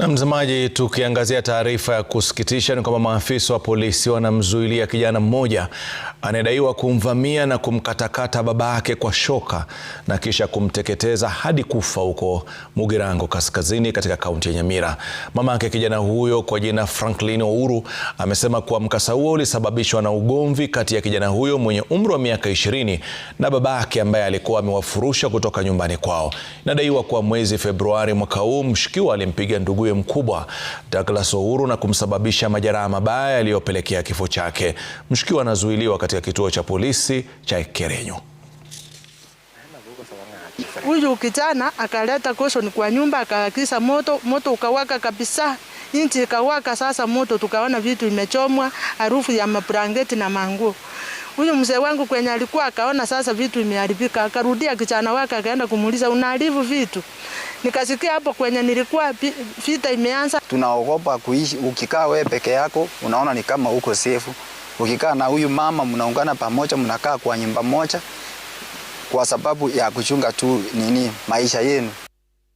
Na mtazamaji, tukiangazia taarifa ya kusikitisha ni kwamba maafisa wa polisi wanamzuilia kijana mmoja anayedaiwa kumvamia na kumkatakata baba yake kwa shoka na kisha kumteketeza hadi kufa huko Mugirango Kaskazini katika kaunti ya Nyamira. Mama yake kijana huyo kwa jina Franklin Ouru amesema kuwa mkasa huo ulisababishwa na ugomvi kati ya kijana huyo mwenye umri wa miaka ishirini na baba yake ambaye alikuwa amewafurusha kutoka nyumbani kwao. Inadaiwa kuwa mwezi Februari mwaka huu mshukiwa alimpiga ndugu wewe mkubwa Douglas Ouru na kumsababisha majeraha mabaya yaliyopelekea kifo chake. Mshukiwa anazuiliwa katika kituo cha polisi cha Ekerenyo. Huyu kijana akaleta ni kwa nyumba, akakisa moto, moto ukawaka kabisa, inchi ikawaka. Sasa moto tukaona vitu imechomwa, harufu ya mabrangeti na manguo. Huyu mzee wangu kwenye alikuwa akaona sasa vitu imeharibika, akarudia kijana wake akaenda kumuuliza unaharibu vitu nikasikia hapo kwenye nilikuwa vita imeanza. Tunaogopa kuishi. Ukikaa wewe peke yako unaona ni kama uko sefu. Ukikaa na huyu mama mnaungana pamoja, mnakaa kwa nyumba moja kwa sababu ya kuchunga tu nini maisha yenu.